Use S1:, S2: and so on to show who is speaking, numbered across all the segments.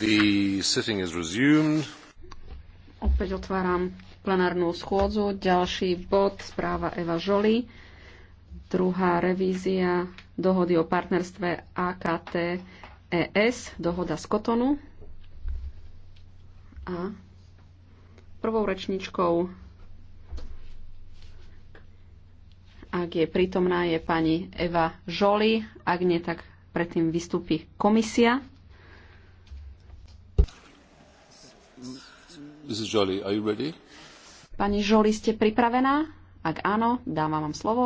S1: The sitting is resumed.
S2: Opäť otváram plenárnu schôdzu. Ďalší bod, správa Eva Žoli. Druhá revízia dohody o partnerstve AKT ES, dohoda z Kotonu. A prvou rečničkou, ak je prítomná, je pani Eva Žoli. Ak nie, tak predtým vystúpi komisia. Pani Žoli, ste pripravená? Ak áno, dávam vám slovo.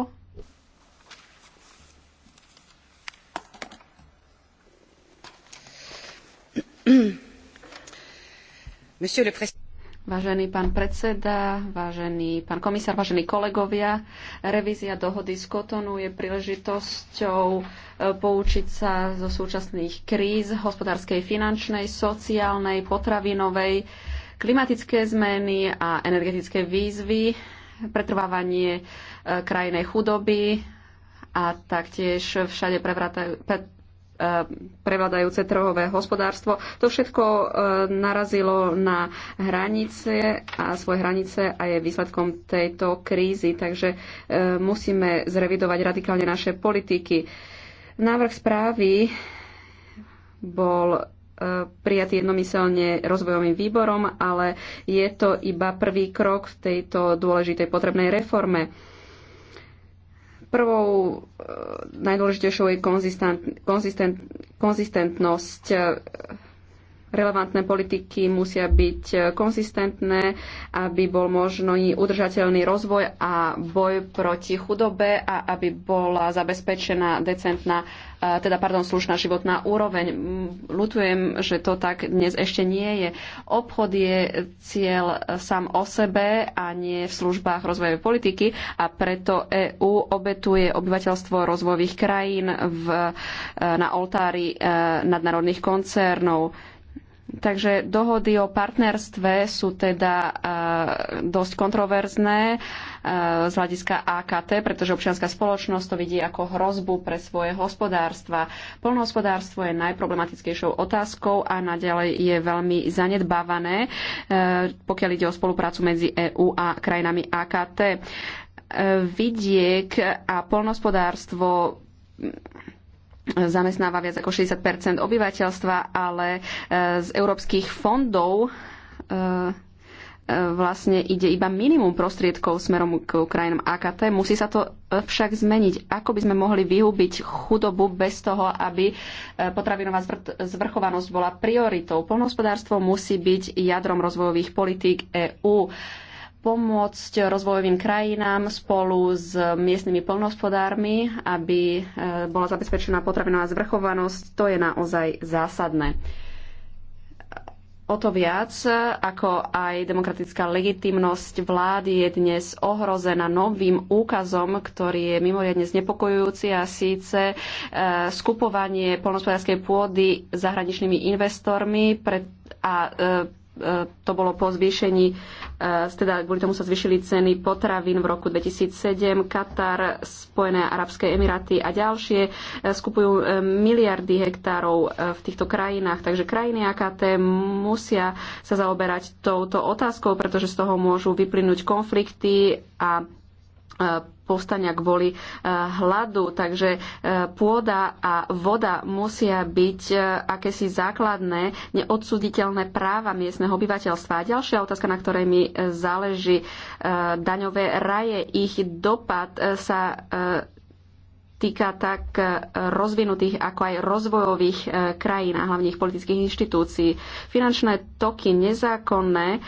S2: Vážený pán predseda, vážený pán komisár, vážení kolegovia, revízia dohody z Kotonu je príležitosťou e, poučiť sa zo súčasných kríz hospodárskej, finančnej, sociálnej, potravinovej, klimatické zmeny a energetické výzvy, pretrvávanie e, krajnej chudoby a taktiež všade e, prevladajúce trhové hospodárstvo. To všetko e, narazilo na hranice a svoje hranice a je výsledkom tejto krízy, takže musíme zrevidovať radikálne naše politiky. Návrh správy bol prijatý jednomyselne rozvojovým výborom, ale je to iba prvý krok v tejto dôležitej potrebnej reforme. Prvou eh, najdôležitejšou je konzistent, konzistent, konzistentnosť eh, relevantné politiky musia byť konzistentné, aby bol možný udržateľný rozvoj a boj proti chudobe a aby bola zabezpečená decentná, teda pardon, slušná životná úroveň. Lutujem, že to tak dnes ešte nie je. Obchod je cieľ sám o sebe a nie v službách rozvojovej politiky a preto EÚ obetuje obyvateľstvo rozvojových krajín v, e, na oltári e, nadnárodných koncernov Takže dohody o partnerstve sú teda e, dosť kontroverzné e, z hľadiska AKT, pretože občianská spoločnosť to vidí ako hrozbu pre svoje hospodárstva. Polnohospodárstvo je najproblematickejšou otázkou a naďalej je veľmi zanedbávané, e, pokiaľ ide o spoluprácu medzi EÚ a krajinami AKT. Vidiek a polnohospodárstvo zamestnáva viac ako 60 obyvateľstva, ale e, z európskych fondov e, e, vlastne ide iba minimum prostriedkov smerom k krajinám AKT. Musí sa to však zmeniť. Ako by sme mohli vyhubiť chudobu bez toho, aby potravinová zvrchovanosť bola prioritou? Polnohospodárstvo musí byť jadrom rozvojových politík EÚ pomôcť rozvojovým krajinám spolu s miestnymi polnohospodármi, aby e, bola zabezpečená potravinová zvrchovanosť. To je naozaj zásadné. O to viac, ako aj demokratická legitimnosť vlády je dnes ohrozená novým úkazom, ktorý je mimoriadne znepokojujúci a síce e, skupovanie polnospodárskej pôdy zahraničnými investormi a e, to bolo po zvýšení, e, teda kvôli tomu sa zvýšili ceny potravín v roku 2007. Katar, Spojené arabské emiráty a ďalšie e, skupujú e, miliardy hektárov v týchto krajinách. Takže krajiny AKT musia sa zaoberať touto otázkou, pretože z toho môžu vyplynúť konflikty a E, povstania kvôli e, hladu. Takže e, pôda a voda musia byť akési základné, neodsuditeľné práva miestneho obyvateľstva. A ďalšia otázka, na ktorej mi záleží daňové raje, ich dopad sa týka tak eh, rozvinutých ako aj rozvojových eh, krajín a hlavne ich politických inštitúcií. Finančné toky nezákonné, eh,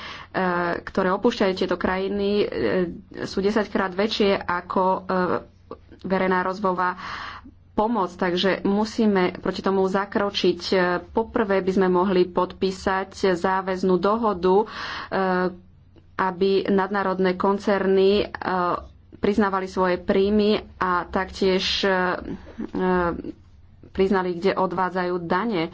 S2: ktoré opúšťajú tieto krajiny, sú desaťkrát väčšie ako verejná rozvojová pomoc, takže musíme proti tomu zakročiť. Poprvé by sme mohli podpísať záväznú dohodu, aby nadnárodné koncerny priznávali svoje príjmy a taktiež e, e, priznali, kde odvádzajú dane.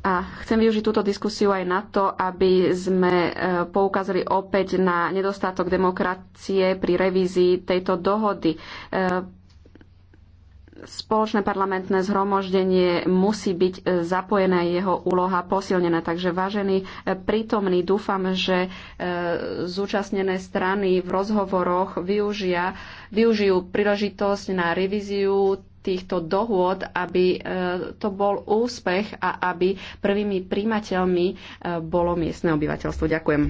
S2: A chcem využiť túto diskusiu aj na to, aby sme e, poukázali opäť na nedostatok demokracie pri revízii tejto dohody spoločné parlamentné zhromoždenie musí byť e, zapojené, jeho úloha posilnená. Takže vážení e, prítomní, dúfam, že e, zúčastnené strany v rozhovoroch využia, využijú príležitosť na revíziu týchto dohôd, aby to bol úspech a aby prvými príjmateľmi bolo miestne obyvateľstvo. Ďakujem.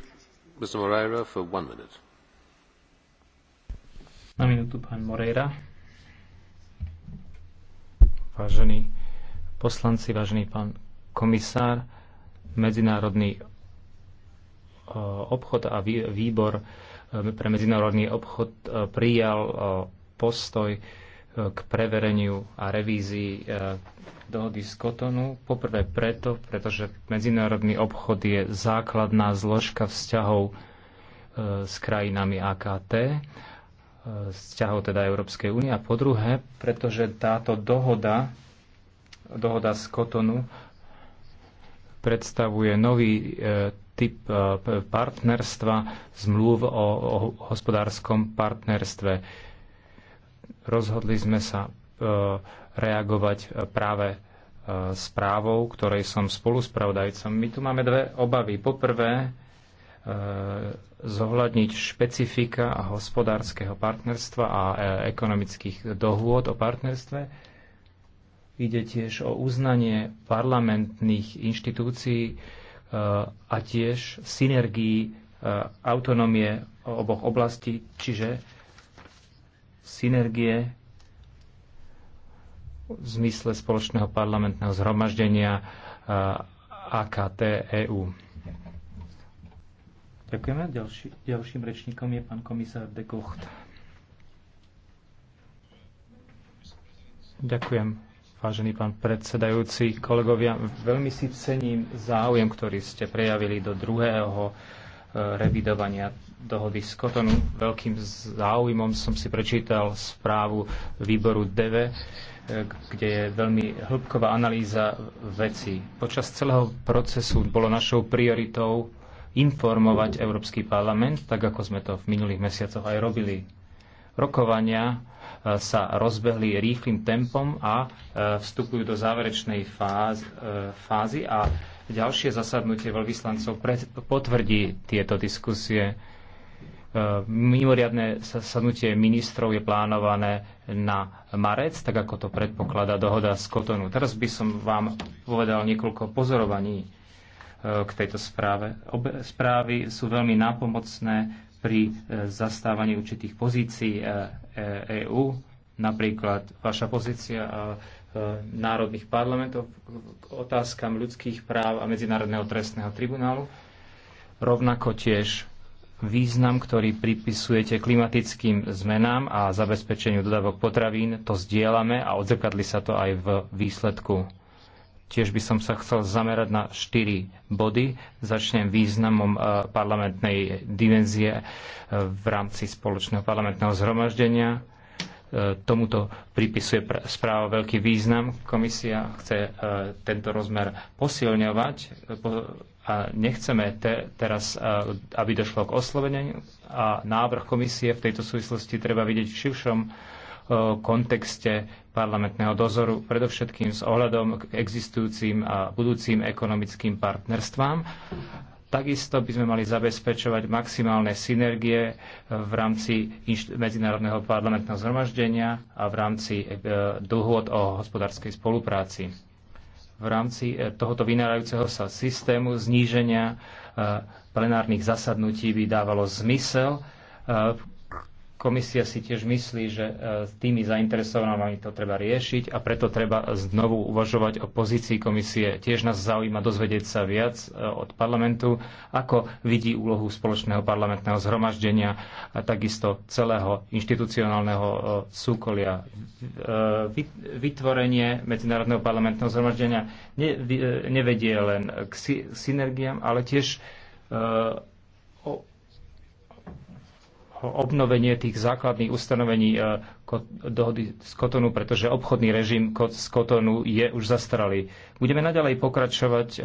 S1: Na minútu pán Moreira vážení poslanci, vážený pán komisár, medzinárodný e, obchod a výbor e, pre medzinárodný obchod e, prijal postoj k prevereniu a revízii dohody z Kotonu. Poprvé preto, pretože medzinárodný obchod je základná zložka vzťahov s krajinami AKT vzťahov teda Európskej únie. A po druhé, pretože táto dohoda, dohoda z Kotonu, predstavuje nový e, typ e, partnerstva, zmluv o, o hospodárskom partnerstve. Rozhodli sme sa e, reagovať e, práve e, správou, ktorej som spoluspravodajcom. My tu máme dve obavy. Poprvé, E, zohľadniť špecifika a hospodárskeho partnerstva a e, ekonomických dohôd o partnerstve. Ide tiež o uznanie parlamentných inštitúcií e, a tiež synergii autonómie oboch oblastí, čiže synergie v zmysle spoločného parlamentného zhromaždenia AKT EU. Ďakujeme. Ďalší, ďalším rečníkom je pán komisár de Gocht. Ďakujem, vážený pán predsedajúci, kolegovia. Veľmi si cením záujem, ktorý ste prejavili do druhého e, revidovania dohody z Kotonu. Veľkým záujmom som si prečítal správu výboru DEVE, kde je veľmi hĺbková analýza vecí. Počas celého procesu bolo našou prioritou informovať Európsky parlament, tak ako sme to v minulých mesiacoch aj robili. Rokovania e, sa rozbehli rýchlým tempom a e, vstupujú do záverečnej fáz, e, fázy a ďalšie zasadnutie veľvyslancov potvrdí tieto diskusie. Mimoriadne zasadnutie ministrov je plánované na marec, tak ako to predpokladá dohoda z Kotonu. Teraz by som vám povedal niekoľko pozorovaní Eh, k tejto správe. Obe správy sú veľmi nápomocné pri eh, zastávaní určitých pozícií EÚ, eh, e napríklad vaša pozícia národných parlamentov k otázkam ľudských práv a Medzinárodného trestného tribunálu. Rovnako tiež význam, ktorý pripisujete klimatickým zmenám a zabezpečeniu dodávok potravín, to zdieľame a odzrkadli sa to aj v výsledku Tiež by som sa chcel zamerať na štyri body. Začnem významom e, parlamentnej dimenzie e, v rámci spoločného parlamentného zhromaždenia. E, tomuto pripisuje správa veľký význam. Komisia chce tento rozmer posilňovať a nechceme te, teraz, aby došlo k osloveniu a návrh komisie v tejto súvislosti treba vidieť v širšom E, kontexte parlamentného dozoru, predovšetkým s ohľadom k existujúcim a budúcim ekonomickým partnerstvám. Takisto by sme mali zabezpečovať maximálne synergie e, v rámci Medzinárodného parlamentného zhromaždenia a v rámci e, dohôd o hospodárskej spolupráci. V rámci tohoto vynárajúceho sa systému zníženia plenárnych zasadnutí by dávalo zmysel Komisia si tiež myslí, že e, s tými zainteresovanými to treba riešiť a preto treba znovu uvažovať o pozícii komisie. Tiež nás zaujíma dozvedieť sa viac e, od parlamentu, ako vidí úlohu spoločného parlamentného zhromaždenia a takisto celého inštitucionálneho e, súkolia. Vytvorenie Medzinárodného parlamentného zhromaždenia nevedie len k synergiám, ale tiež obnovenie tých základných ustanovení e, dohody z Kotonu, pretože obchodný režim z Kotonu je už zastaralý. Budeme naďalej pokračovať e, e,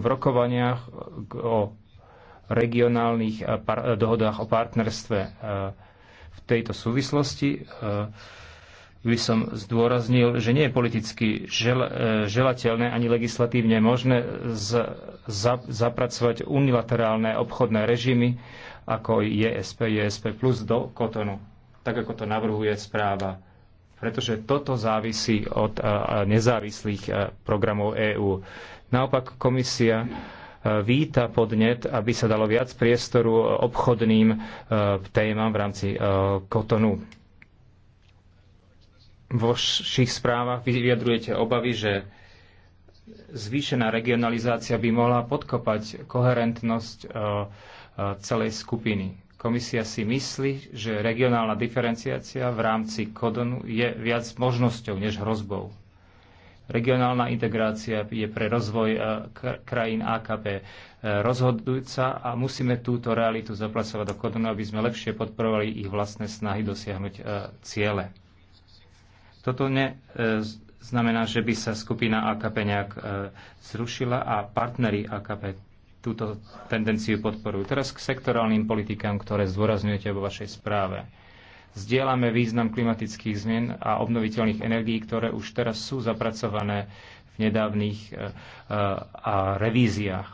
S1: v rokovaniach o regionálnych dohodách o partnerstve. V tejto súvislosti by som zdôraznil, že nie je politicky žel, želateľné ani legislatívne možné z, za, zapracovať unilaterálne obchodné režimy ako JSP, e JSP e plus do Kotonu, tak ako to navrhuje správa. Pretože toto závisí od nezávislých programov EÚ. Naopak komisia víta podnet, aby sa dalo viac priestoru obchodným témam v rámci Kotonu. Vo vašich správach vyjadrujete obavy, že zvýšená regionalizácia by mohla podkopať koherentnosť celej skupiny. Komisia si myslí, že regionálna diferenciácia v rámci Kodonu je viac možnosťou než hrozbou. Regionálna integrácia je pre rozvoj e, krajín AKP e, rozhodujúca a musíme túto realitu zapracovať do Kodonu, aby sme lepšie podporovali ich vlastné snahy dosiahnuť e, ciele. Toto ne, znamená, že by sa skupina AKP nejak zrušila a partnery AKP túto tendenciu podporujú. Teraz k sektorálnym politikám, ktoré zdôrazňujete vo vašej správe. Zdieľame význam klimatických zmien a obnoviteľných energií, ktoré už teraz sú zapracované v nedávnych e, e, a revíziách.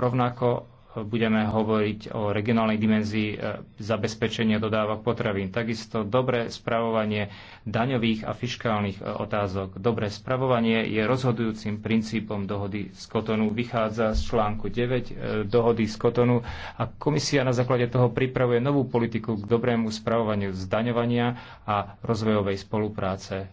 S1: Rovnako budeme hovoriť o regionálnej dimenzii e, zabezpečenia dodávok potravín. Takisto dobré spravovanie daňových a fiskálnych e, otázok. Dobré spravovanie je rozhodujúcim princípom dohody z Kotonu. Vychádza z článku 9 e, dohody z Kotonu a komisia na základe toho pripravuje novú politiku k dobrému spravovaniu zdaňovania a rozvojovej spolupráce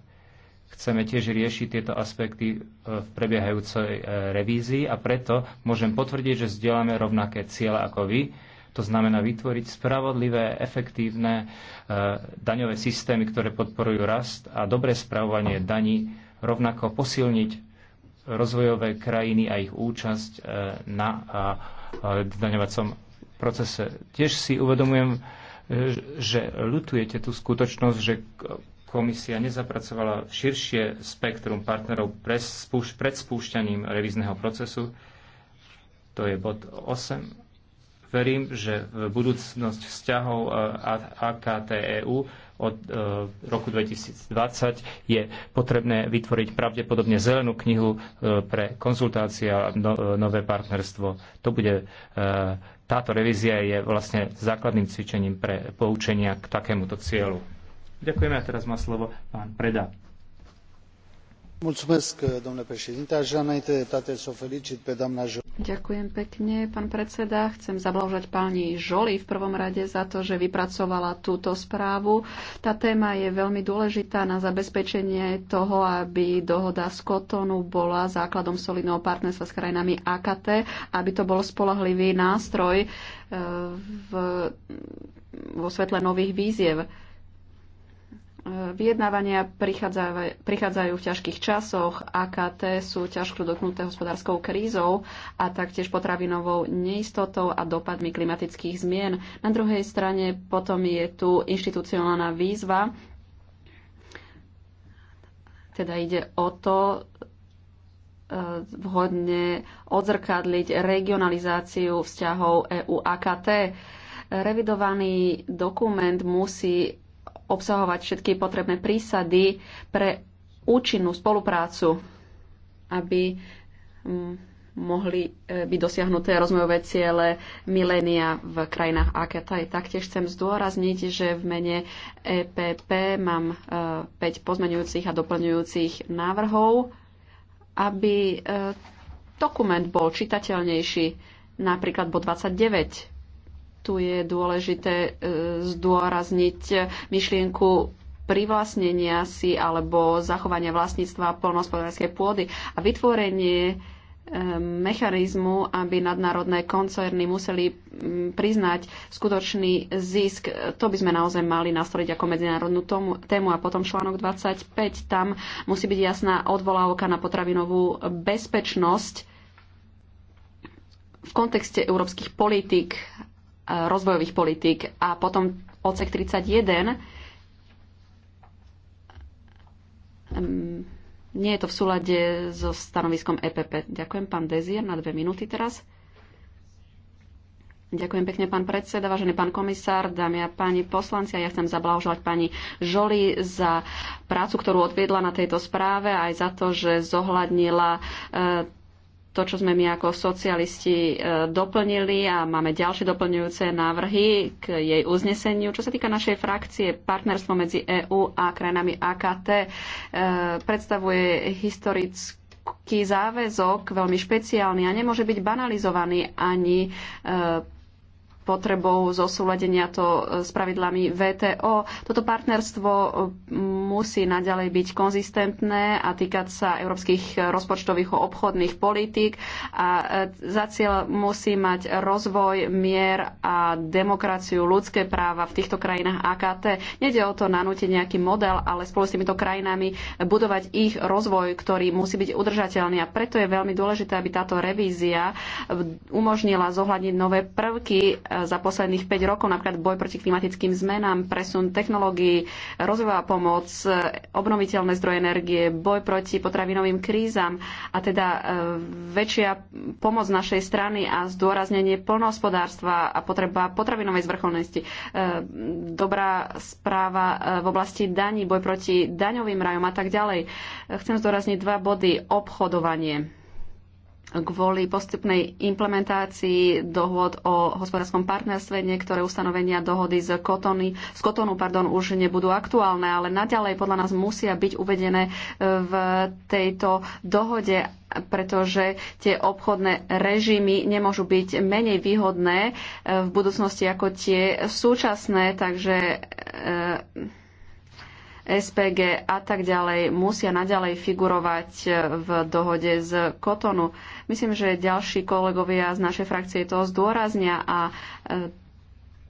S1: Chceme tiež riešiť tieto aspekty e, v prebiehajúcej e, revízii a preto môžem potvrdiť, že zdieľame rovnaké ciele ako vy. To znamená vytvoriť spravodlivé, efektívne e, daňové systémy, ktoré podporujú rast a dobré správovanie daní, rovnako posilniť rozvojové krajiny a ich účasť na daňovacom procese. Tiež si uvedomujem, že ľutujete tú skutočnosť, že komisia nezapracovala širšie spektrum partnerov pred spúšťaním revízneho procesu. To je bod 8. Verím, že v budúcnosť vzťahov e, AKT-EU od e, roku 2020 je potrebné vytvoriť pravdepodobne zelenú knihu e, pre konzultácie a no, nové partnerstvo. To bude, táto revízia je vlastne základným cvičením pre poučenia k takémuto cieľu. Ďakujeme a teraz má slovo pán Preda.
S2: Ďakujem pekne, pán predseda. Chcem zablahožať pani Žoli v prvom rade za to, že vypracovala túto správu. Tá téma je veľmi dôležitá na zabezpečenie toho, aby dohoda z Kotonu bola základom solidného partnerstva s krajinami AKT, aby to bol spolahlivý nástroj eh, v, vo svetle nových víziev Vyjednávania prichádzajú v ťažkých časoch, AKT sú ťažko dotknuté hospodárskou krízou a taktiež potravinovou neistotou a dopadmi klimatických zmien. Na druhej strane potom je tu inštitucionálna výzva, teda ide o to e, vhodne odzrkadliť regionalizáciu vzťahov EU-AKT. Revidovaný dokument musí obsahovať všetky potrebné prísady pre účinnú spoluprácu, aby mm, mohli e, byť dosiahnuté rozvojové ciele milénia v krajinách AKT. Taktiež chcem zdôrazniť, že v mene EPP mám 5 e, pozmenujúcich a doplňujúcich návrhov, aby e, dokument bol čitateľnejší, napríklad bod 29 tu je dôležité e, zdôrazniť myšlienku privlastnenia si alebo zachovania vlastníctva polnospodárskej pôdy a vytvorenie e, mechanizmu, aby nadnárodné koncerny museli priznať skutočný zisk. To by sme naozaj mali nastaviť ako medzinárodnú tomu, tému. A potom článok 25, tam musí byť jasná odvolávka na potravinovú bezpečnosť v kontexte európskych politík rozvojových politík. A potom odsek 31 nie je to v súlade so stanoviskom EPP. Ďakujem pán Dezier na dve minúty teraz. Ďakujem pekne, pán predseda, vážený pán komisár, dámy a páni poslanci. A ja chcem zablahožovať pani Žoli za prácu, ktorú odviedla na tejto správe, aj za to, že zohľadnila e, to, čo sme my ako socialisti e, doplnili a máme ďalšie doplňujúce návrhy k jej uzneseniu. Čo sa týka našej frakcie, partnerstvo medzi EÚ a krajinami AKT e, predstavuje historický záväzok, veľmi špeciálny a nemôže byť banalizovaný ani e, potrebou zosúladenia to e, s pravidlami VTO. Toto partnerstvo e, musí naďalej byť konzistentné a týkať sa európskych rozpočtových a obchodných politík a e, za cieľ musí mať rozvoj, mier a demokraciu, ľudské práva v týchto krajinách AKT. Nede o to nanútiť nejaký model, ale spolu s týmito krajinami budovať ich rozvoj, ktorý musí byť udržateľný a preto je veľmi dôležité, aby táto revízia umožnila zohľadniť nové prvky za posledných 5 rokov, napríklad boj proti klimatickým zmenám, presun technológií, rozvojová pomoc, obnoviteľné zdroje energie, boj proti potravinovým krízam a teda e, väčšia pomoc našej strany a zdôraznenie plnohospodárstva a potreba potravinovej zvrcholnosti, e, dobrá správa e, v oblasti daní, boj proti daňovým rajom a tak ďalej. Chcem zdôrazniť dva body. Obchodovanie kvôli postupnej implementácii dohôd o hospodárskom partnerstve niektoré ustanovenia dohody z, kotony, z kotonu pardon, už nebudú aktuálne, ale naďalej podľa nás musia byť uvedené e, v tejto dohode pretože tie obchodné režimy nemôžu byť menej výhodné e, v budúcnosti ako tie súčasné, takže e, SPG a tak ďalej musia naďalej figurovať e, v dohode z Kotonu. Myslím, že ďalší kolegovia z našej frakcie to zdôraznia a e,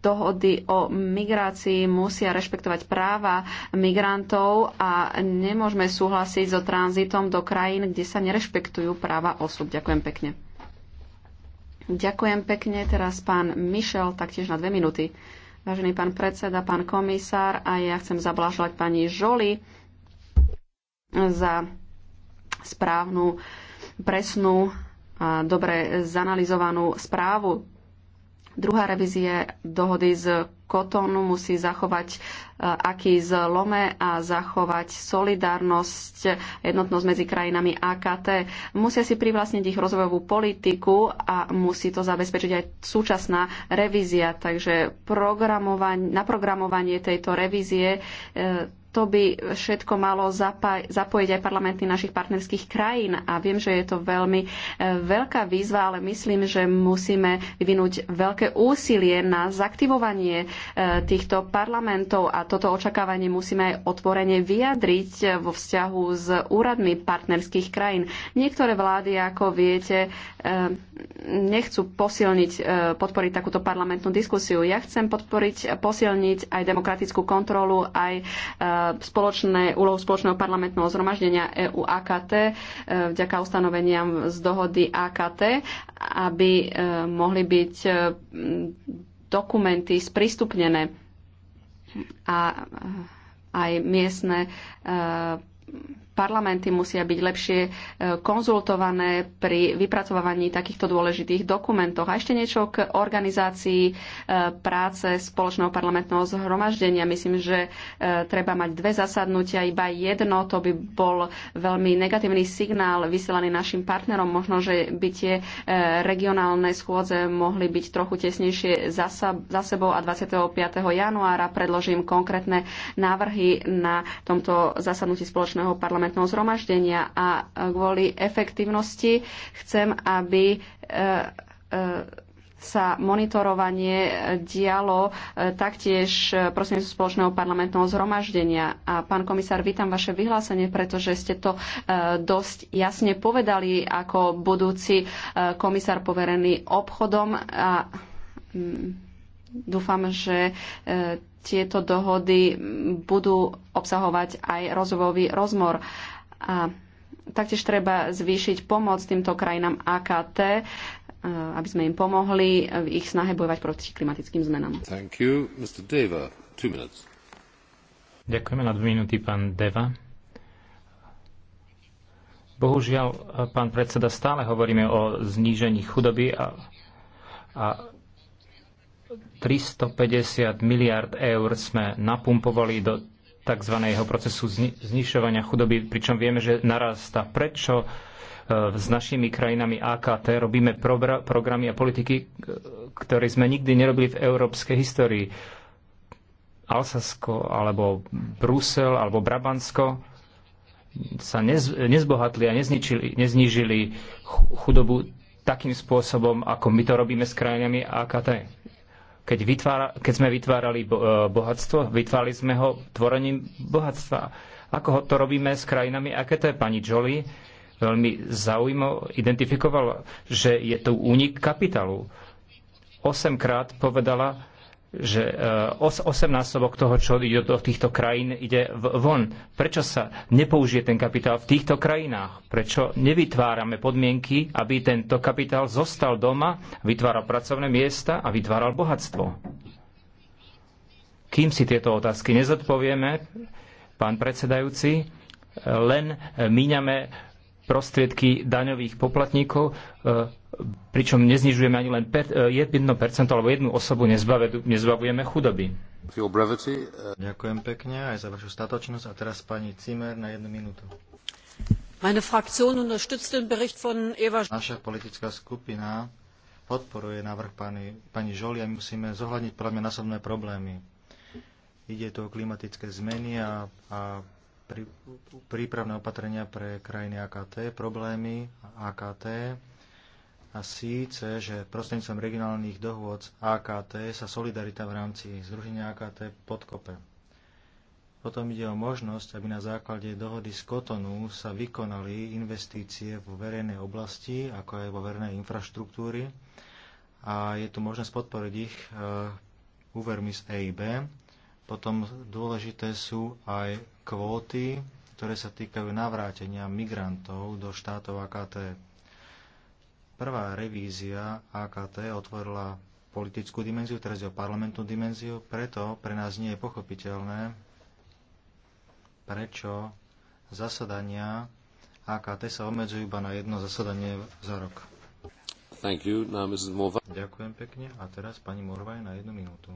S2: dohody o migrácii musia rešpektovať práva migrantov a nemôžeme súhlasiť so tranzitom do krajín, kde sa nerešpektujú práva osôb. Ďakujem pekne. Ďakujem pekne. Teraz pán Mišel, taktiež na dve minúty. Vážený pán predseda, pán komisár, a ja chcem zablažovať pani Žoli za správnu, presnú a dobre zanalizovanú správu. Druhá revízie dohody z Kotonu musí zachovať e, aký z Lome a zachovať solidárnosť, jednotnosť medzi krajinami AKT. Musia si privlastniť ich rozvojovú politiku a musí to zabezpečiť aj súčasná revízia. Takže na programovanie tejto revízie e, to by všetko malo zapojiť aj parlamenty našich partnerských krajín. A viem, že je to veľmi e, veľká výzva, ale myslím, že musíme vyvinúť veľké úsilie na zaktivovanie e, týchto parlamentov a toto očakávanie musíme aj otvorene vyjadriť e, vo vzťahu s úradmi partnerských krajín. Niektoré vlády, ako viete, nechcú posilniť, podporiť takúto parlamentnú diskusiu. Ja chcem podporiť, posilniť aj demokratickú kontrolu, aj spoločné, úlohu spoločného parlamentného zhromaždenia EU AKT e, vďaka ustanoveniam z dohody AKT, aby e, mohli byť e, dokumenty sprístupnené a aj miestne parlamenty musia byť lepšie e, konzultované pri vypracovávaní takýchto dôležitých dokumentov. A ešte niečo k organizácii e, práce spoločného parlamentného zhromaždenia. Myslím, že e, treba mať dve zasadnutia, iba jedno. To by bol veľmi negatívny signál vysielaný našim partnerom. Možno, že by tie regionálne schôdze mohli byť trochu tesnejšie za sebou a 25. januára predložím konkrétne návrhy na tomto zasadnutí spoločného parlamentu parlamentného zhromaždenia a e, kvôli efektívnosti chcem, aby e, e, sa monitorovanie dialo taktiež prosím spoločného parlamentného zhromaždenia. A pán komisár, vítam vaše vyhlásenie, pretože ste to dosť jasne povedali ako budúci komisár poverený obchodom a mm, dúfam, že e, tieto dohody budú obsahovať aj rozvojový rozmor. A taktiež treba zvýšiť pomoc týmto krajinám AKT, e, aby sme im pomohli v ich snahe bojovať proti klimatickým zmenám.
S1: Thank you. Mr. Deva, two minutes. Ďakujeme na dve minúty, pán Deva. Bohužiaľ, e, pán predseda, stále hovoríme o znížení chudoby a, a 350 miliard eur sme napumpovali do tzv. procesu znišovania chudoby, pričom vieme, že narasta. Prečo e, s našimi krajinami AKT robíme programy a politiky, e, ktoré sme nikdy nerobili v európskej histórii? Alsasko, alebo Brusel, alebo Brabansko sa nez, nezbohatli a nezničili, neznižili chudobu takým spôsobom, ako my to robíme s krajinami AKT. Keď, vytvára, keď sme vytvárali e, bohatstvo, vytvárali sme ho tvorením bohatstva. Ako ho to robíme s krajinami, aké to je pani Jolie, veľmi zaujímavo identifikovala, že je tu únik kapitálu. Osemkrát povedala, že 8 e, násobok toho, čo ide do týchto krajín, ide von. Prečo sa nepoužije ten kapitál v týchto krajinách? Prečo nevytvárame podmienky, aby tento kapitál zostal doma, vytváral pracovné miesta a vytváral bohatstvo? Kým si tieto otázky nezodpovieme, pán predsedajúci, len míňame prostriedky daňových poplatníkov e, pričom neznižujeme ani len 1% e, alebo jednu osobu nezbavujeme chudoby.
S3: E. Ďakujem pekne aj za vašu statočnosť. A teraz pani Cimer na jednu minútu. Naša politická skupina podporuje návrh pani, pani Žoli a my musíme zohľadniť podľa mňa nasobné problémy. Ide tu o klimatické zmeny a, a prípravné opatrenia pre krajiny AKT, problémy AKT, a síce, že prostredníctvom regionálnych dohôd AKT sa solidarita v rámci združenia AKT podkope. Potom ide o možnosť, aby na základe dohody z Kotonu sa vykonali investície vo verejnej oblasti, ako aj vo verejnej infraštruktúry a je tu možnosť podporiť ich e, úvermi z EIB. Potom dôležité sú aj kvóty, ktoré sa týkajú navrátenia migrantov do štátov AKT. Prvá revízia AKT otvorila politickú dimenziu, teraz je o parlamentnú dimenziu, preto pre nás nie je pochopiteľné, prečo zasadania AKT sa obmedzujú iba na jedno zasadanie za rok. Thank you. Now, Mrs. Morva. Ďakujem pekne. A teraz pani Morvaj na jednu minútu.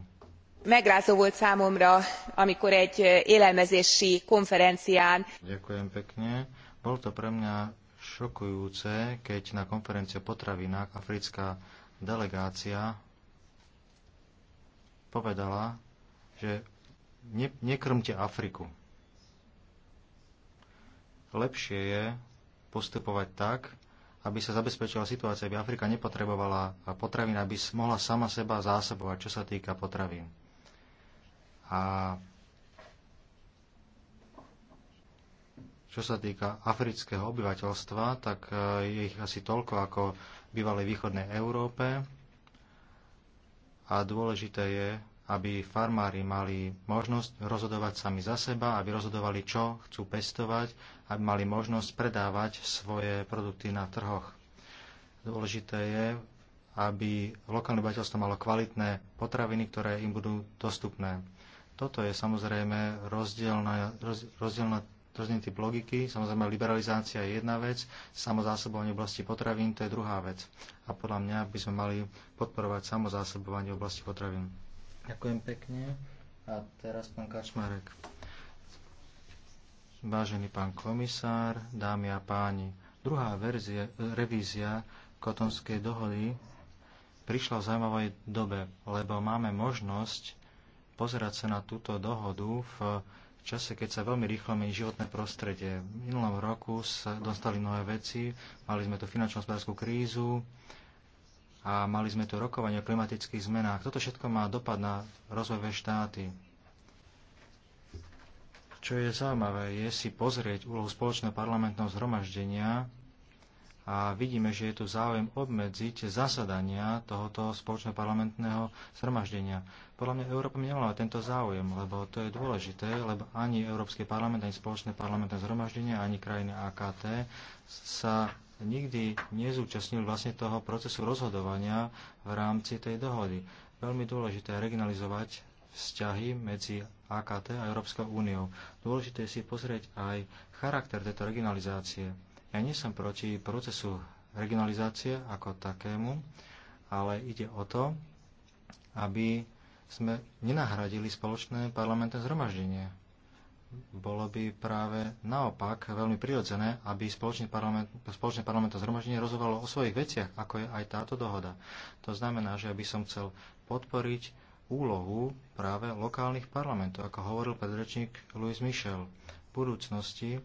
S1: Megrázó volt számomra, amikor egy élelmezési konferencián.
S3: Ďakujem pekne. Bol to pre mňa šokujúce, keď na konferencii o potravinách africká delegácia povedala, že ne, nekrmte Afriku. Lepšie je postupovať tak, aby sa zabezpečila situácia, aby Afrika nepotrebovala potravín, aby mohla sama seba zásobovať, čo sa týka potravín. A Čo sa týka afrického obyvateľstva, tak e, je ich asi toľko ako v bývalej východnej Európe. A dôležité je, aby farmári mali možnosť rozhodovať sami za seba, aby rozhodovali, čo chcú pestovať, aby mali možnosť predávať svoje produkty na trhoch. Dôležité je, aby lokálne obyvateľstvo malo kvalitné potraviny, ktoré im budú dostupné. Toto je samozrejme rozdielna, rozdielna rôzny typ logiky. Samozrejme, liberalizácia je jedna vec, samozásobovanie oblasti potravín to je druhá vec. A podľa mňa by sme mali podporovať samozásobovanie oblasti potravín. Ďakujem pekne. A teraz pán Kačmarek. Vážený pán komisár, dámy a páni, druhá verzie, revízia kotonskej dohody prišla v zaujímavej dobe, lebo máme možnosť pozerať sa na túto dohodu v čase, keď sa veľmi rýchlo mení životné prostredie. V minulom roku sa dostali nové veci, mali sme tu finančnú hospodárskú krízu a mali sme tu rokovanie o klimatických zmenách. Toto všetko má dopad na rozvojové štáty. Čo je zaujímavé, je si pozrieť úlohu spoločného parlamentného zhromaždenia a vidíme, že je tu záujem obmedziť zasadania tohoto spoločného parlamentného zhromaždenia. Podľa mňa Európa nemala tento záujem, lebo to je dôležité, lebo ani Európsky parlament, ani spoločné parlamentné zhromaždenie, ani krajiny AKT sa nikdy nezúčastnili vlastne toho procesu rozhodovania v rámci tej dohody. Veľmi dôležité je regionalizovať vzťahy medzi AKT a Európskou úniou. Dôležité je si pozrieť aj charakter tejto regionalizácie ja nie som proti procesu regionalizácie ako takému, ale ide o to, aby sme nenahradili spoločné parlamentné zhromaždenie. Bolo by práve naopak veľmi prirodzené, aby spoločné, parlament, spoločné parlamentné zhromaždenie rozhovalo o svojich veciach, ako je aj táto dohoda. To znamená, že aby som chcel podporiť úlohu práve lokálnych parlamentov, ako hovoril predrečník Louis Michel. V budúcnosti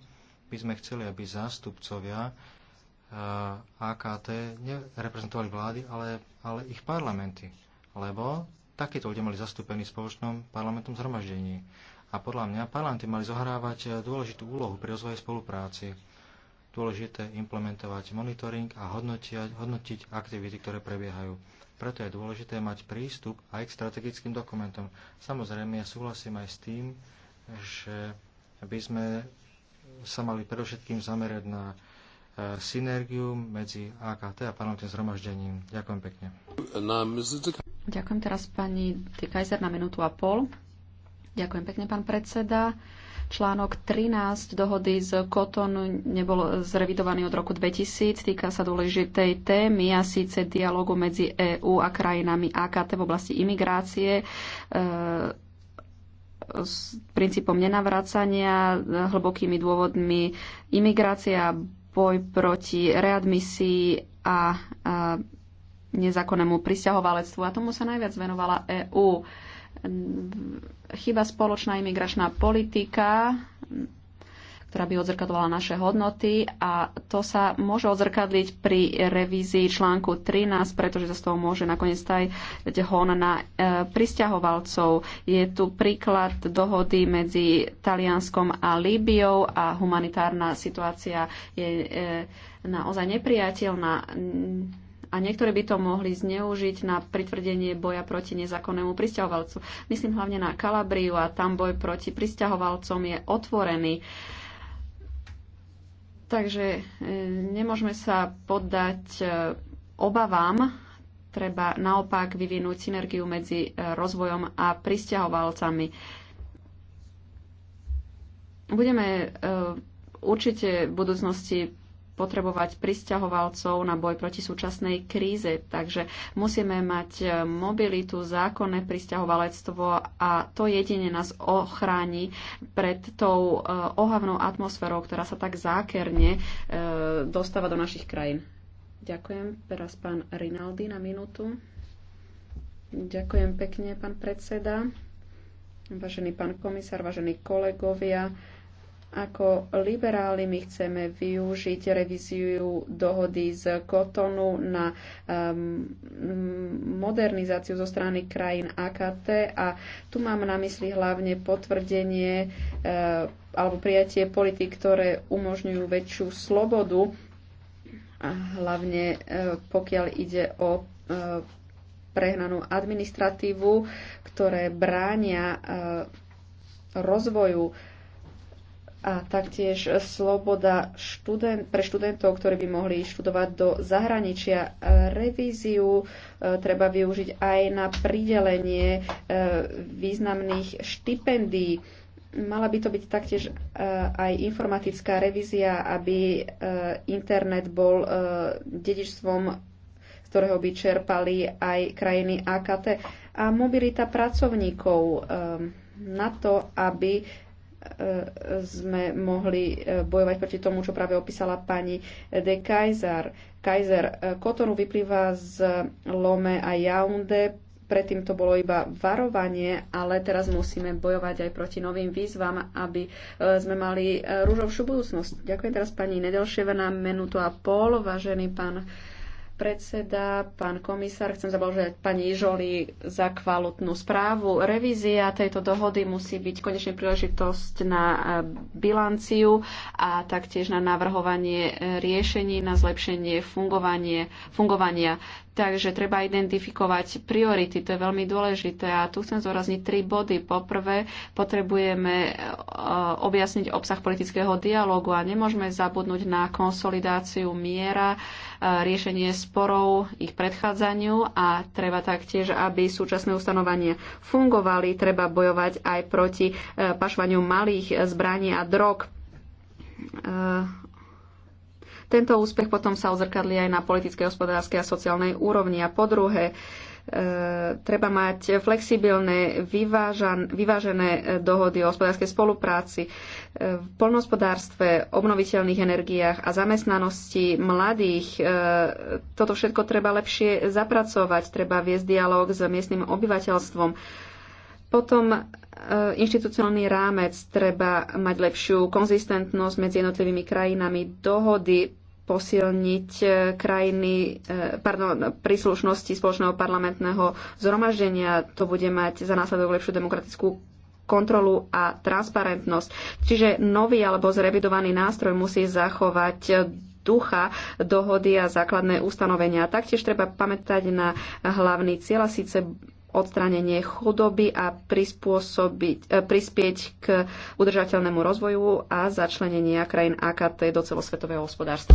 S3: by sme chceli, aby zástupcovia eh, AKT nereprezentovali vlády, ale, ale ich parlamenty. Lebo takíto ľudia mali zastúpení v spoločnom parlamentom zhromaždení. A podľa mňa parlamenty mali zohrávať eh, dôležitú úlohu pri rozvoji spolupráci. Dôležité implementovať monitoring a hodnotiť, hodnotiť aktivity, ktoré prebiehajú. Preto je dôležité mať prístup aj k strategickým dokumentom. Samozrejme, ja súhlasím aj s tým, že by sme sa mali predovšetkým zamerať na e, synergiu medzi AKT a panovným zhromaždením. Ďakujem pekne.
S2: Ďakujem teraz pani Kajzer na minútu a pol. Ďakujem pekne, pán predseda. Článok 13 dohody z Koton nebol zrevidovaný od roku 2000. Týka sa dôležitej témy a síce dialogu medzi EÚ a krajinami AKT v oblasti imigrácie. E s princípom nenavracania, hlbokými dôvodmi imigrácia, boj proti readmisii a, a nezákonnému pristahovalectvu. A tomu sa najviac venovala EÚ. Chyba spoločná imigračná politika ktorá by odzrkadlovala naše hodnoty a to sa môže odzrkadliť pri revízii článku 13, pretože sa z toho môže nakoniec aj hon na e, pristahovalcov. Je tu príklad dohody medzi Talianskom a Líbiou a humanitárna situácia je e, naozaj nepriateľná a niektoré by to mohli zneužiť na pritvrdenie boja proti nezákonnému pristahovalcu. Myslím hlavne na Kalabriu a tam boj proti pristahovalcom je otvorený. Uh, Takže e, nemôžeme sa poddať e, obavám, treba naopak vyvinúť synergiu medzi e, rozvojom a pristahovalcami. Budeme určite v budúcnosti potrebovať pristahovalcov na boj proti súčasnej kríze. Takže musíme mať e, mobilitu, zákonné pristahovalectvo a to jedine nás ochráni pred tou e, ohavnou atmosférou, ktorá sa tak zákerne e, dostáva do našich krajín. Ďakujem. Teraz pán Rinaldi na minútu. Ďakujem pekne, pán predseda. Vážený pán komisár, vážení kolegovia, ako liberáli my chceme využiť revíziu dohody z Kotonu na um, modernizáciu zo strany krajín AKT a tu mám na mysli hlavne potvrdenie uh, alebo prijatie politik, ktoré umožňujú väčšiu slobodu, a hlavne uh, pokiaľ ide o uh, prehnanú administratívu, ktoré bránia uh, rozvoju a taktiež sloboda študent, pre študentov, ktorí by mohli študovať do zahraničia. Revíziu e, treba využiť aj na pridelenie e, významných štipendií. Mala by to byť taktiež e, aj informatická revízia, aby internet bol dedičstvom, z ktorého by čerpali aj krajiny AKT. A mobilita pracovníkov na to, aby sme mohli e, bojovať proti tomu, čo práve opísala pani de Kaiser. Kaiser e, Kotonu vyplýva z Lome a Jaunde. Predtým to bolo iba varovanie, ale teraz musíme bojovať aj proti novým výzvam, aby e, sme mali rúžovšiu budúcnosť. Ďakujem teraz pani Nedelševa na minútu a pol, vážený pán predseda, pán komisár, chcem zabožiať pani Ižoli za kvalitnú správu. Revízia tejto dohody musí byť konečne príležitosť na eh, bilanciu a taktiež na navrhovanie eh, riešení na zlepšenie fungovanie, fungovania Takže treba identifikovať priority, to je veľmi dôležité. A tu chcem zorazniť tri body. Poprvé, potrebujeme e, objasniť obsah politického dialogu a nemôžeme zabudnúť na konsolidáciu miera, e, riešenie sporov, ich predchádzaniu a treba taktiež, aby súčasné ustanovanie fungovali, treba bojovať aj proti e, pašvaniu malých zbraní a drog tento úspech potom sa ozrkadlí aj na politickej, hospodárskej a sociálnej úrovni. A po druhé, e, treba mať flexibilné, vyvážan, vyvážené e, dohody o hospodárskej spolupráci e, v polnohospodárstve, obnoviteľných energiách a zamestnanosti mladých. Toto všetko treba lepšie zapracovať, treba viesť dialog s miestnym obyvateľstvom. Potom inštitucionálny rámec treba mať lepšiu konzistentnosť medzi jednotlivými krajinami dohody posilniť e, krajiny, e, pardon, príslušnosti spoločného parlamentného zhromaždenia. To bude mať za následok lepšiu demokratickú kontrolu a transparentnosť. Čiže nový alebo zrevidovaný nástroj musí zachovať ducha dohody a základné ustanovenia. Taktiež treba pamätať na hlavný cieľ a síce odstránenie chudoby a e, prispieť k udržateľnému rozvoju a začlenenia krajín AKT do celosvetového hospodárstva.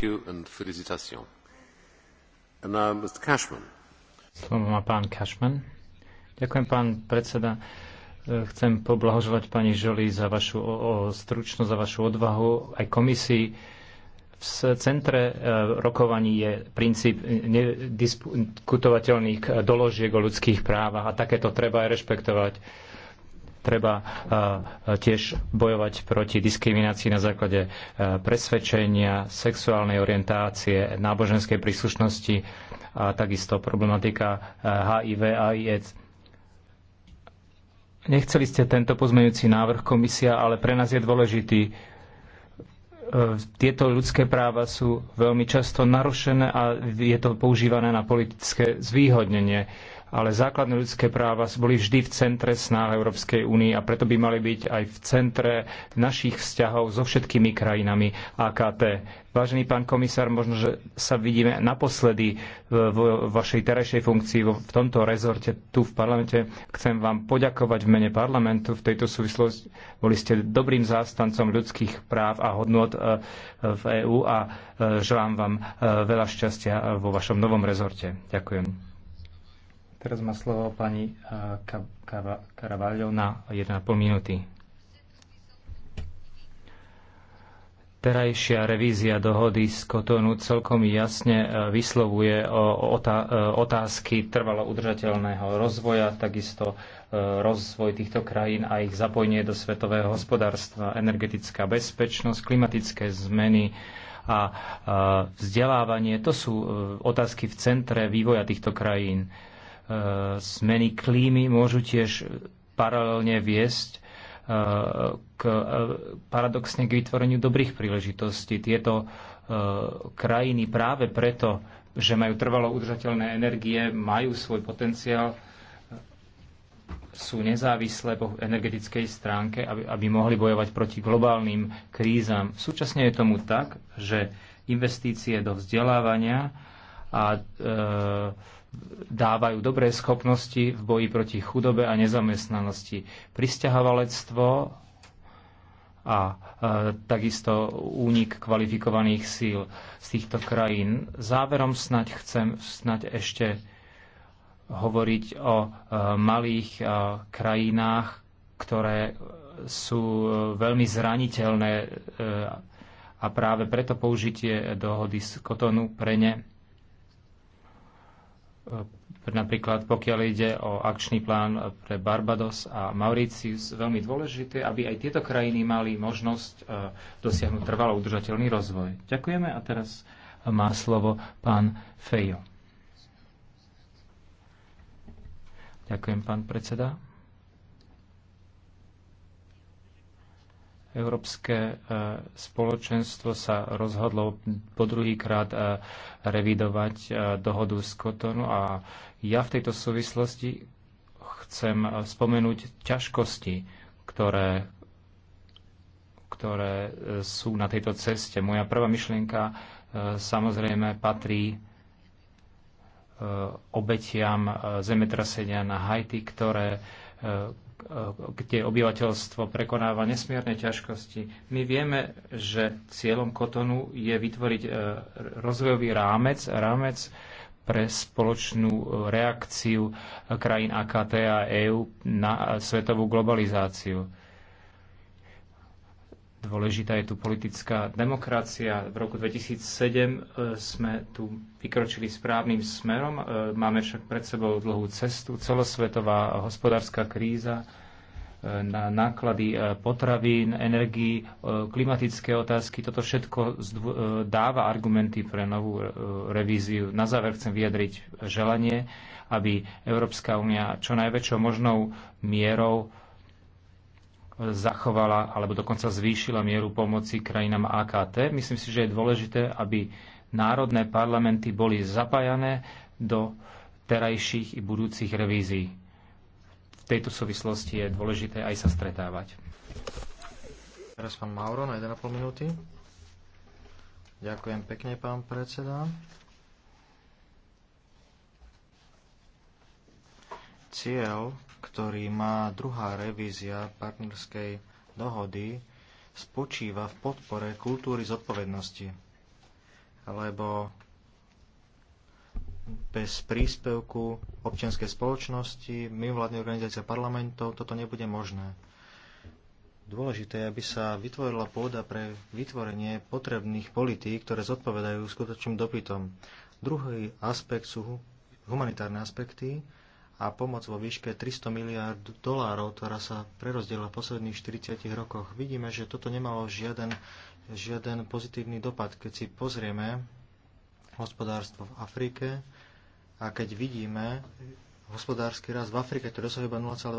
S1: Slovo má pán Cashman. Ďakujem, pán predseda. E, chcem poblahoželať pani Žoli za vašu stručnosť, za vašu odvahu aj komisii v centre e, rokovaní je princíp nediskutovateľných e, doložiek o ľudských právach a takéto treba aj rešpektovať. Treba e, tiež bojovať proti diskriminácii na základe presvedčenia, sexuálnej orientácie, náboženskej príslušnosti a takisto problematika HIV a AIDS. Nechceli ste tento pozmeňujúci návrh komisia, ale pre nás je dôležitý E, tieto ľudské práva sú veľmi často narušené a je to používané na politické zvýhodnenie ale základné ľudské práva boli vždy v centre snáh Európskej únie a preto by mali byť aj v centre našich vzťahov so všetkými krajinami AKT. Vážený pán komisár, možno, že sa vidíme naposledy vo vašej terajšej funkcii v tomto rezorte tu v parlamente. Chcem vám poďakovať v mene parlamentu v tejto súvislosti. Boli ste dobrým zástancom ľudských práv a hodnot e, v EÚ a e, želám vám e, veľa šťastia vo vašom novom rezorte. Ďakujem. Teraz má slovo pani Caravaglio eh, na 1,5 minúty. Terajšia revízia dohody z Kotonu celkom jasne eh, vyslovuje o eh, otázky trvalo udržateľného rozvoja, takisto rozvoj týchto krajín a ich zapojenie do svetového hospodárstva, energetická bezpečnosť, klimatické zmeny, a vzdelávanie. To sú otázky v centre vývoja týchto krajín. Eh, zmeny klímy môžu tiež paralelne viesť eh, k, eh, paradoxne k vytvoreniu dobrých príležitostí. Tieto krajiny práve preto, že majú trvalo udržateľné energie, majú svoj potenciál, sú nezávislé po energetickej stránke, aby, aby mohli bojovať proti globálnym krízam. Súčasne je tomu tak, že investície do vzdelávania a e, dávajú dobré schopnosti v boji proti chudobe a nezamestnanosti. Pristahovalectvo a e, takisto únik kvalifikovaných síl z týchto krajín. Záverom snaď chcem snaď ešte hovoriť o e, malých e, krajinách, ktoré sú e, veľmi zraniteľné e, a práve preto použitie dohody z Kotonu pre ne E, napríklad pokiaľ ide o akčný plán pre Barbados a Mauritius, veľmi dôležité, aby aj tieto krajiny mali možnosť e, dosiahnuť trvalo udržateľný rozvoj. Ďakujeme a teraz má slovo pán Fejo. Ďakujem, pán predseda. Európske e, spoločenstvo sa rozhodlo po druhýkrát e, revidovať e, dohodu z Kotonu a ja v tejto súvislosti chcem spomenúť ťažkosti, ktoré, ktoré sú na tejto ceste. Moja prvá myšlienka samozrejme patrí obetiam zemetrasenia na Haiti, ktoré kde obyvateľstvo prekonáva nesmierne ťažkosti. My vieme, že cieľom Kotonu je vytvoriť e, rozvojový rámec, rámec pre spoločnú e, reakciu e, krajín AKT a EÚ na svetovú globalizáciu Dôležitá je tu politická demokracia. V roku 2007 e, sme tu vykročili správnym smerom, e, máme však pred sebou dlhú cestu. Celosvetová hospodárska kríza e, na náklady potravín, energií, klimatické otázky. Toto všetko dáva argumenty pre novú revíziu. Na záver chcem vyjadriť želanie, aby Európska únia čo najväčšou možnou mierou zachovala alebo dokonca zvýšila mieru pomoci krajinám AKT. Myslím si, že je dôležité, aby národné parlamenty boli zapájané do terajších i budúcich revízií. V tejto súvislosti je dôležité aj sa stretávať.
S3: Teraz pán Mauro na 1,5 minúty. Ďakujem pekne, pán predseda. Cieľ ktorý má druhá revízia partnerskej dohody, spočíva v podpore kultúry zodpovednosti. Lebo bez príspevku občianskej spoločnosti, mimovládnej organizácie parlamentov toto nebude možné. Dôležité je, aby sa vytvorila pôda pre vytvorenie potrebných politík, ktoré zodpovedajú skutočným dopytom. Druhý aspekt sú humanitárne aspekty, a pomoc vo výške 300 miliárd dolárov, ktorá sa prerozdiela v posledných 40 rokoch. Vidíme, že toto nemalo žiaden, žiaden pozitívny dopad. Keď si pozrieme hospodárstvo v Afrike a keď vidíme hospodársky rast v Afrike, ktorý dosahuje iba 0,2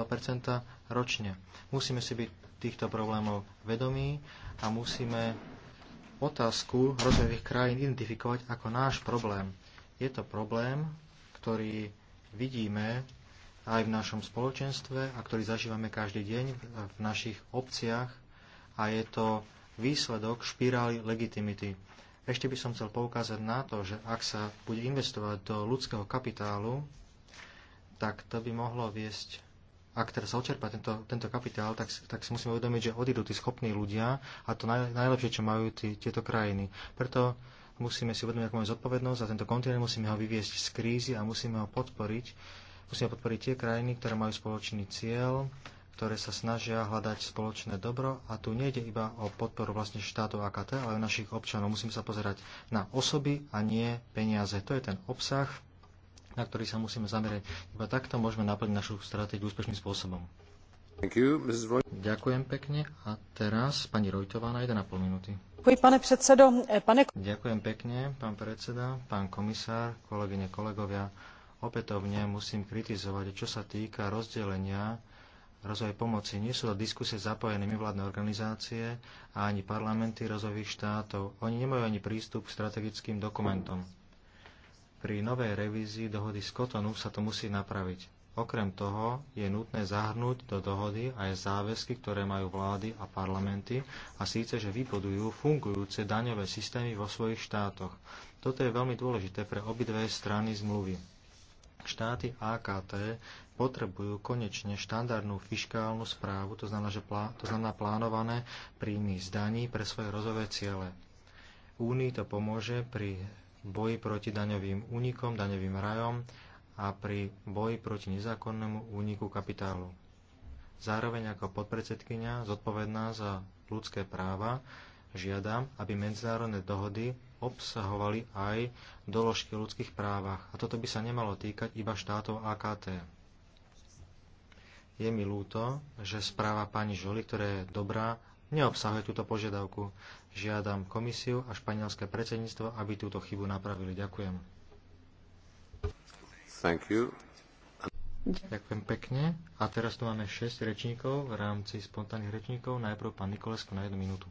S3: ročne. Musíme si byť týchto problémov vedomí a musíme otázku rozvojových krajín identifikovať ako náš problém. Je to problém, ktorý vidíme aj v našom spoločenstve a ktorý zažívame každý deň v našich obciach a je to výsledok špirály legitimity. Ešte by som chcel poukázať na to, že ak sa bude investovať do ľudského kapitálu, tak to by mohlo viesť ak teraz sa očerpa tento, tento kapitál, tak, tak si musíme uvedomiť, že odídu tí schopní ľudia a to naj, najlepšie, čo majú tí, tieto krajiny. Preto Musíme si uvedomiť, ako máme zodpovednosť za tento kontinent, musíme ho vyviesť z krízy a musíme ho podporiť. Musíme podporiť tie krajiny, ktoré majú spoločný cieľ, ktoré sa snažia hľadať spoločné dobro a tu nejde iba o podporu vlastne štátov AKT, ale aj našich občanov. Musíme sa pozerať na osoby a nie peniaze. To je ten obsah, na ktorý sa musíme zamerať. Iba takto môžeme naplniť našu stratégiu úspešným spôsobom. Ďakujem pekne. A teraz pani Rojtová na 1,5 minúty. Ďakujem pekne, pán predseda, pán komisár, kolegyne, kolegovia. Opätovne musím kritizovať, čo sa týka rozdelenia rozvoj pomoci. Nie sú do diskusie zapojené mimovládne organizácie a ani parlamenty rozvojových štátov. Oni nemajú ani prístup k strategickým dokumentom. Pri novej revízii dohody z Kotonu sa to musí napraviť Okrem toho je nutné zahrnúť do dohody aj záväzky, ktoré majú vlády a parlamenty, a síce, že vybudujú fungujúce daňové systémy vo svojich štátoch. Toto je veľmi dôležité pre obidve strany zmluvy. Štáty AKT potrebujú konečne štandardnú fiskálnu správu, to znamená, že plá, to znamená plánované príjmy z daní pre svoje rozové ciele. Únii to pomôže pri boji proti daňovým únikom, daňovým rajom, a pri boji proti nezákonnému úniku kapitálu. Zároveň ako podpredsedkynia zodpovedná za ľudské práva žiadam, aby medzinárodné dohody obsahovali aj doložky o ľudských právach a toto by sa nemalo týkať iba štátov AKT. Je mi ľúto, že správa pani Žoli, ktorá je dobrá, neobsahuje túto požiadavku. Žiadam komisiu a španielské predsedníctvo, aby túto chybu napravili. Ďakujem. Thank you. Ďakujem pekne. A teraz tu máme 6 rečníkov v rámci spontánnych rečníkov. Najprv pán Nikolesko na jednu minútu.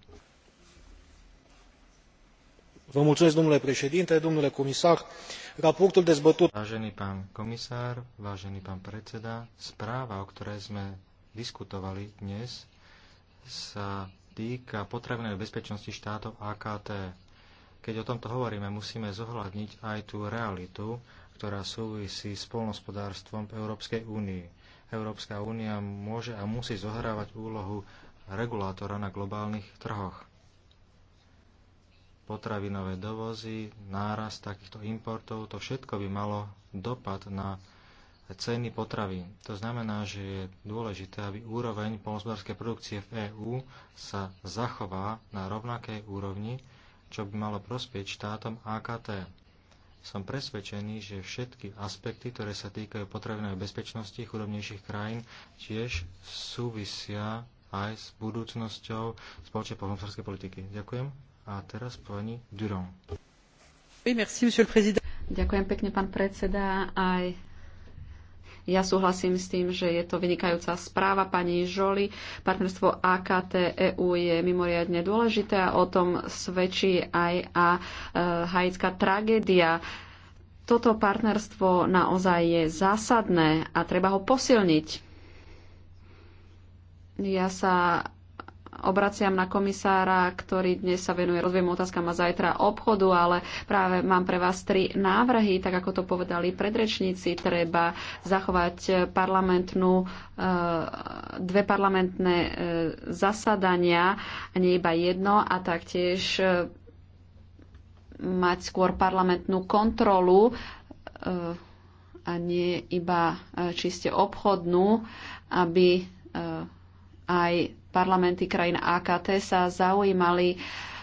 S3: Vă mulțumesc, domnule președinte, domnule comisar. Raportul dezbătut... Vážený pán komisár, vážený pán predseda, správa, o ktorej sme diskutovali dnes, sa týka potrebnej bezpečnosti štátov AKT. Keď o tomto hovoríme, musíme zohľadniť aj tú realitu ktorá súvisí s polnospodárstvom v Európskej únii. Európska únia môže a musí zohrávať úlohu regulátora na globálnych trhoch. Potravinové dovozy, nárast takýchto importov, to všetko by malo dopad na ceny potravín. To znamená, že je dôležité, aby úroveň polnospodárskej produkcie v EÚ sa zachová na rovnakej úrovni, čo by malo prospieť štátom AKT. Som presvedčený, že všetky aspekty, ktoré sa týkajú potravinovej bezpečnosti chudobnejších krajín, tiež súvisia aj s budúcnosťou spoločnej poľnohospodárskej politiky. Ďakujem. A teraz pani Durand.
S2: Ďakujem pekne, pán predseda. Aj ja súhlasím s tým, že je to vynikajúca správa pani Žoli. Partnerstvo AKT EU je mimoriadne dôležité a o tom svedčí aj a e, haická tragédia. Toto partnerstvo naozaj je zásadné a treba ho posilniť. Ja sa obraciam na komisára, ktorý dnes sa venuje rozviem otázkam a zajtra obchodu, ale práve mám pre vás tri návrhy, tak ako to povedali predrečníci, treba zachovať parlamentnú, eh, dve parlamentné eh, zasadania, a nie iba jedno, a taktiež eh, mať skôr parlamentnú kontrolu a nie iba čiste obchodnú, aby aj parlamenty krajín AKT sa zaujímali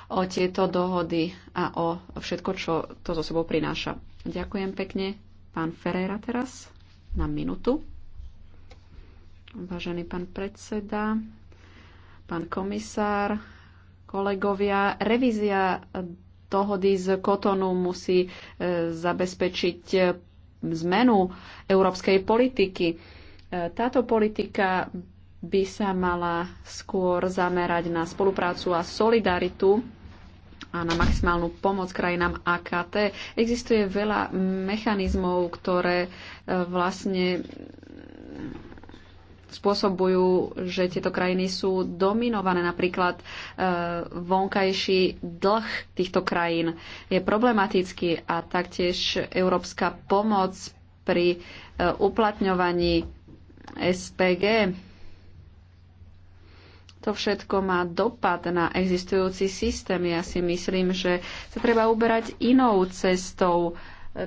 S2: o tieto dohody a o všetko, čo to zo sebou prináša. Ďakujem pekne. Pán Ferreira teraz na minútu. Vážený pán predseda, pán komisár, kolegovia, revízia dohody z Kotonu musí e, zabezpečiť e, zmenu európskej politiky. E, táto politika by sa mala skôr zamerať na spoluprácu a solidaritu a na maximálnu pomoc krajinám AKT. Existuje veľa mechanizmov, ktoré e, vlastne spôsobujú, že tieto krajiny sú dominované. Napríklad e, vonkajší dlh týchto krajín je problematický a taktiež európska pomoc pri e, uplatňovaní SPG to všetko má dopad na existujúci systém. Ja si myslím, že sa treba uberať inou cestou.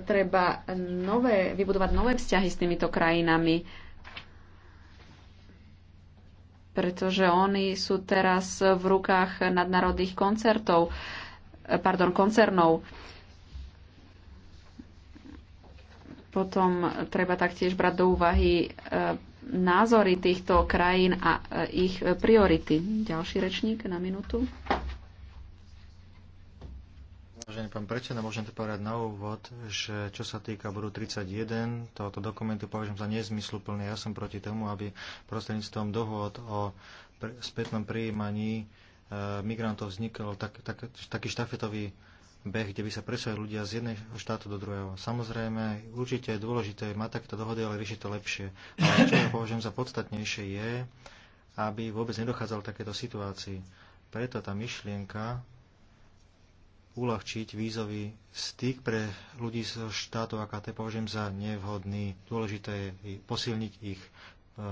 S2: Treba nové, vybudovať nové vzťahy s týmito krajinami, pretože oni sú teraz v rukách nadnárodných koncertov, pardon, koncernov. Potom treba taktiež brať do úvahy eh, názory týchto krajín a e, ich e, priority. Ďalší rečník na minútu.
S3: Vážený pán predseda, môžem to povedať na úvod, že čo sa týka bodu 31 tohoto dokumentu, považujem za nezmysluplný. Ja som proti tomu, aby prostredníctvom dohod o spätnom prijímaní e, migrantov vznikol tak, tak, taký štafetový beh, kde by sa presúvali ľudia z jedného štátu do druhého. Samozrejme, určite je dôležité mať takéto dohody, ale riešiť to lepšie. Ale čo ja považujem za podstatnejšie je, aby vôbec nedochádzalo takéto situácii. Preto tá myšlienka uľahčiť vízový styk pre ľudí zo štátov AKT považujem za nevhodný. Dôležité je posilniť ich e,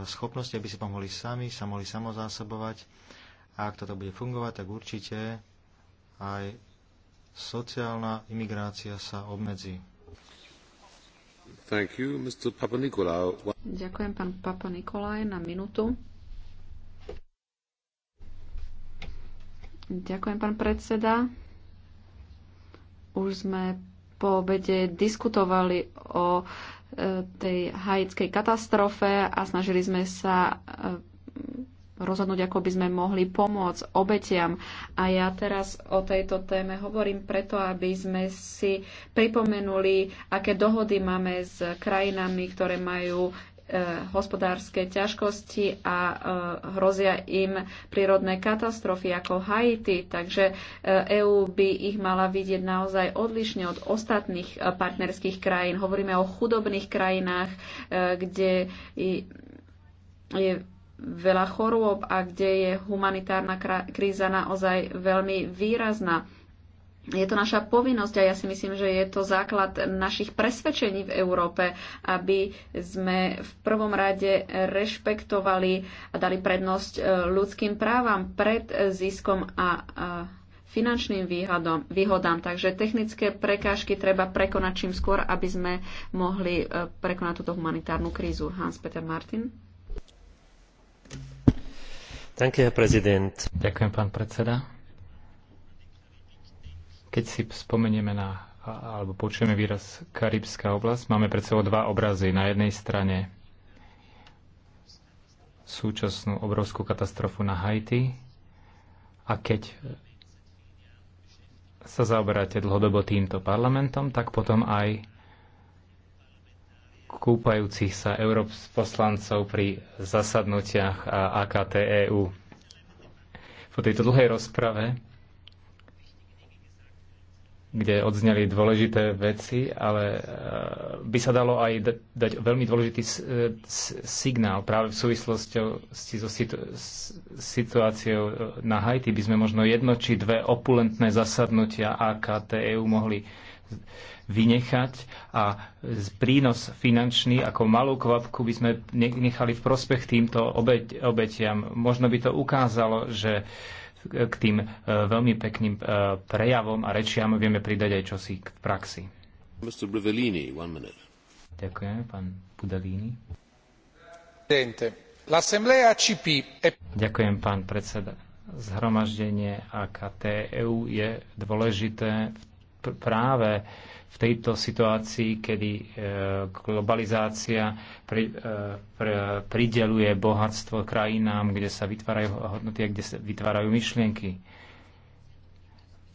S3: schopnosti, aby si pomohli sami, sa mohli samozásobovať. A ak toto bude fungovať, tak určite aj sociálna imigrácia sa obmedzí.
S1: Thank you, Mr. Papa Ďakujem,
S2: pán Papa Nikolaj, na minútu. Ďakujem, pán predseda. Už sme po obede diskutovali o e, tej haitskej katastrofe a snažili sme sa e, rozhodnúť, ako by sme mohli pomôcť obetiam. A ja teraz o tejto téme hovorím preto, aby sme si pripomenuli, aké dohody máme s krajinami, ktoré majú e, hospodárske ťažkosti a e, hrozia im prírodné katastrofy ako Haiti. Takže EÚ e by ich mala vidieť naozaj odlišne od ostatných partnerských krajín. Hovoríme o chudobných krajinách, kde je veľa chorôb a kde je humanitárna kríza naozaj veľmi výrazná. Je to naša povinnosť a ja si myslím, že je to základ našich presvedčení v Európe, aby sme v prvom rade rešpektovali a dali prednosť e, ľudským právam pred ziskom a finančným výhodom, výhodám. Takže technické prekážky treba prekonať čím skôr, aby sme mohli e, prekonať túto humanitárnu krízu. Hans-Peter Martin.
S1: Ďakujem, pán predseda. Keď si spomenieme na, alebo počujeme výraz Karibská oblasť, máme pred sebou dva obrazy. Na jednej strane súčasnú obrovskú katastrofu na Haiti a keď sa zaoberáte dlhodobo týmto parlamentom, tak potom aj kúpajúcich sa Európs poslancov pri zasadnutiach AKT EU. Po tejto dlhej rozprave, kde odzneli dôležité veci, ale eh, by sa dalo aj dať veľmi dôležitý signál práve v súvislosti so situáciou na Haiti. By sme možno jedno či dve opulentné zasadnutia AKT EU mohli vynechať a prínos finančný ako malú kvapku by sme nechali v prospech týmto obeť, obetiam. Možno by to ukázalo, že k tým e, veľmi pekným e, prejavom a rečiam vieme pridať aj čosi k praxi. Mr. one minute. Ďakujem, pán Budalini. Ďakujem, pán predseda. Zhromaždenie AKT EU je dôležité v práve v tejto situácii, kedy e, globalizácia pri, e, prideluje bohatstvo krajinám, kde sa vytvárajú hodnoty a kde sa vytvárajú myšlienky.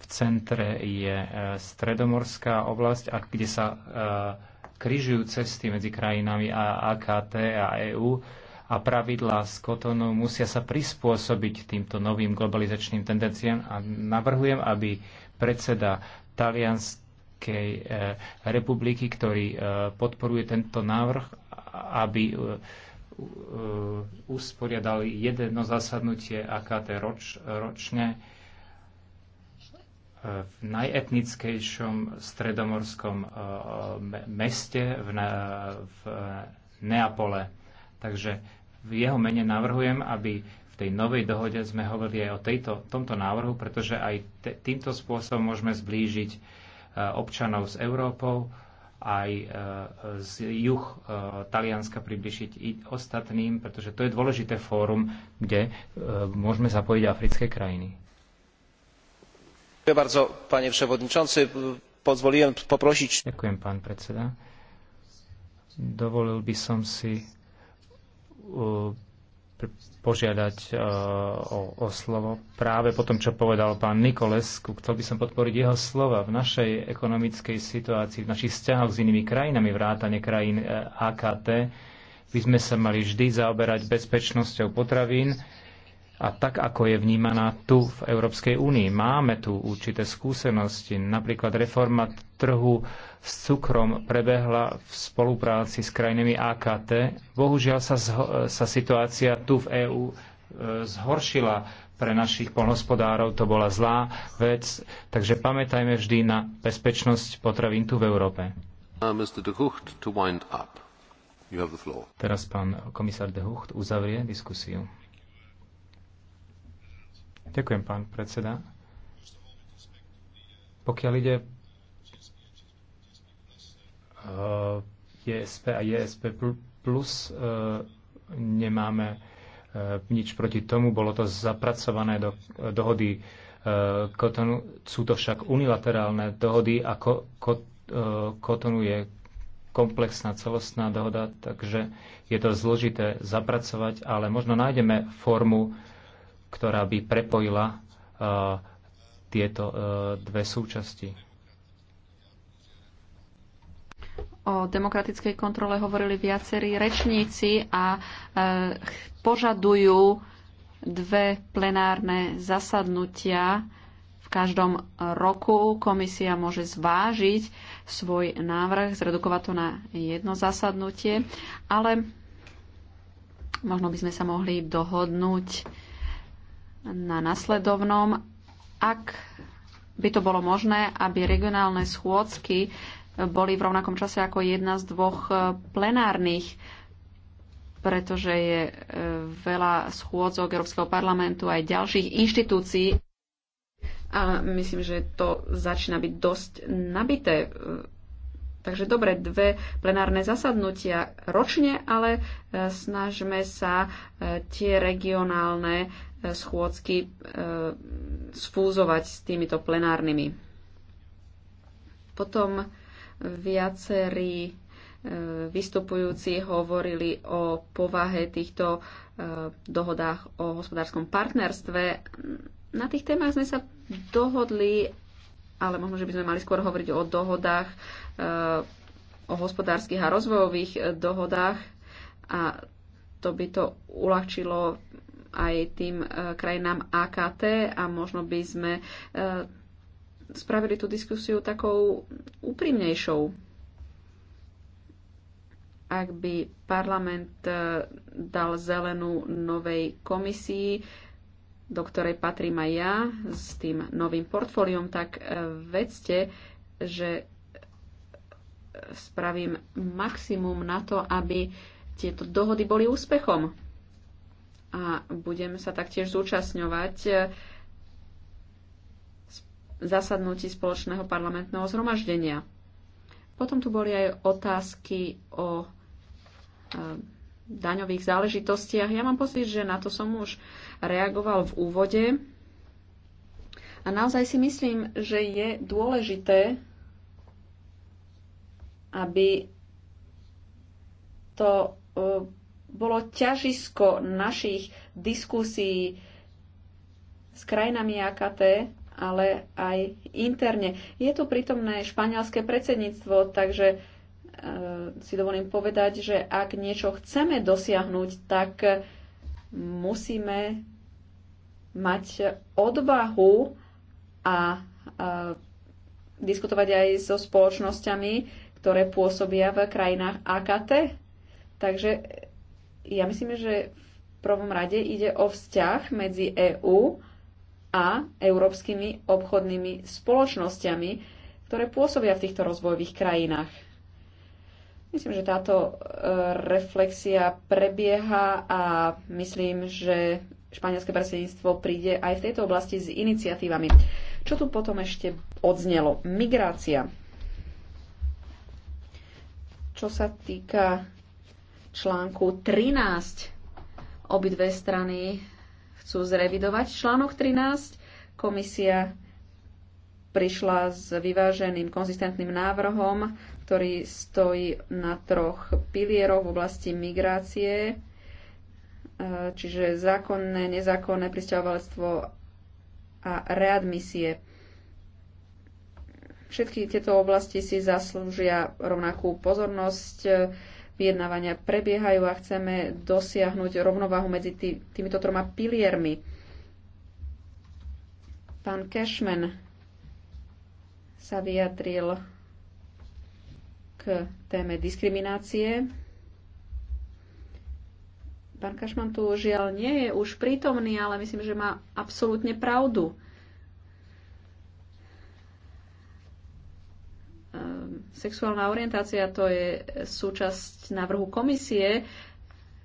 S1: V centre je e, stredomorská oblasť, a kde sa križujú cesty medzi krajinami a AKT a EÚ a pravidlá z Kotonu musia sa prispôsobiť týmto novým globalizačným tendenciám a navrhujem, aby predseda Talianskej eh, republiky, ktorý eh, podporuje tento návrh, aby eh, usporiadali jedno zasadnutie AKT roč, ročne v najetnickejšom stredomorskom meste v, v Neapole. Takže v jeho mene navrhujem, aby tej novej dohode sme hovorili aj o tejto, tomto návrhu, pretože aj te, týmto spôsobom môžeme zblížiť e, občanov s Európou, aj e, z juh e, Talianska približiť i ostatným, pretože to je dôležité fórum, kde môžeme zapojiť africké krajiny. Ďakujem bardzo, panie przewodniczący. Pozvolím poprosiť... Ďakujem, pán predseda. Dovolil by som si požiadať e, o, o slovo práve po tom, čo povedal pán Nikolesku. Chcel by som podporiť jeho slova. V našej ekonomickej situácii, v našich vzťahoch s inými krajinami, vrátane krajín e, AKT, by sme sa mali vždy zaoberať bezpečnosťou potravín a tak, ako je vnímaná tu v Európskej únii. Máme tu určité skúsenosti, napríklad reforma trhu s cukrom prebehla v spolupráci s krajinami AKT. Bohužiaľ sa, sa situácia tu v EÚ e, zhoršila pre našich polnospodárov, to bola zlá vec, takže pamätajme vždy na bezpečnosť potravín tu v Európe. Uh, Teraz pán komisár de Hucht uzavrie diskusiu. Ďakujem, pán predseda. Pokiaľ ide eh, JSP a JSP plus, eh, nemáme eh, nič proti tomu. Bolo to zapracované do dohody Kotonu. Sú to však unilaterálne dohody a Kotonu je komplexná celostná dohoda, takže je to zložité zapracovať, ale možno nájdeme formu, ktorá by prepojila uh, tieto uh, dve súčasti.
S2: O demokratickej kontrole hovorili viacerí rečníci a uh, požadujú dve plenárne zasadnutia v každom roku. Komisia môže zvážiť svoj návrh, zredukovať to na jedno zasadnutie, ale možno by sme sa mohli dohodnúť na nasledovnom, ak by to bolo možné, aby regionálne schôdzky boli v rovnakom čase ako jedna z dvoch e, plenárnych, pretože je e, veľa schôdzok Európskeho parlamentu aj ďalších inštitúcií. A myslím, že to začína byť dosť nabité. E, takže dobre, dve plenárne zasadnutia ročne, ale snažme sa tie regionálne schôdzky e, sfúzovať s týmito plenárnymi. Potom viacerí e, vystupujúci hovorili o povahe týchto e, dohodách o hospodárskom partnerstve. Na tých témach sme sa dohodli, ale možno, že by sme mali skôr hovoriť o dohodách, o hospodárskych a rozvojových dohodách a to by to uľahčilo aj tým e, krajinám AKT a možno by sme e, spravili tú diskusiu takou úprimnejšou ak by parlament e, dal zelenú novej komisii, do ktorej patrím aj ja, s tým novým portfóliom, tak vedzte, že spravím maximum na to, aby tieto dohody boli úspechom a budem sa taktiež zúčastňovať e, zasadnutí spoločného parlamentného zhromaždenia. Potom tu boli aj otázky o e, daňových záležitostiach. Ja mám pocit, že na to som už reagoval v úvode. A naozaj si myslím, že je dôležité, aby to e, bolo ťažisko našich diskusí s krajinami AKT, ale aj interne. Je tu prítomné španielské predsedníctvo, takže e, si dovolím povedať, že ak niečo chceme dosiahnuť, tak musíme mať odvahu a, e, diskutovať aj so spoločnosťami, ktoré pôsobia v krajinách AKT. Takže ja myslím, že v prvom rade ide o vzťah medzi EÚ a európskymi obchodnými spoločnosťami, ktoré pôsobia v týchto rozvojových krajinách. Myslím, že táto e, reflexia prebieha a myslím, že španielské predsedníctvo príde aj v tejto oblasti s iniciatívami. Čo tu potom ešte odznelo? Migrácia. Čo sa týka článku 13. Obidve strany chcú zrevidovať článok 13. Komisia prišla s vyváženým, konzistentným návrhom, ktorý stojí na troch pilieroch v oblasti migrácie, e, čiže zákonné, nezákonné pristahovalectvo a readmisie. Všetky tieto oblasti si zaslúžia rovnakú pozornosť Vyjednávania prebiehajú a chceme dosiahnuť rovnováhu medzi tý, týmito troma piliermi. Pán Cashman sa vyjadril k téme diskriminácie. Pán Kašman tu žiaľ nie je už prítomný, ale myslím, že má absolútne pravdu. Sexuálna orientácia to je súčasť návrhu komisie.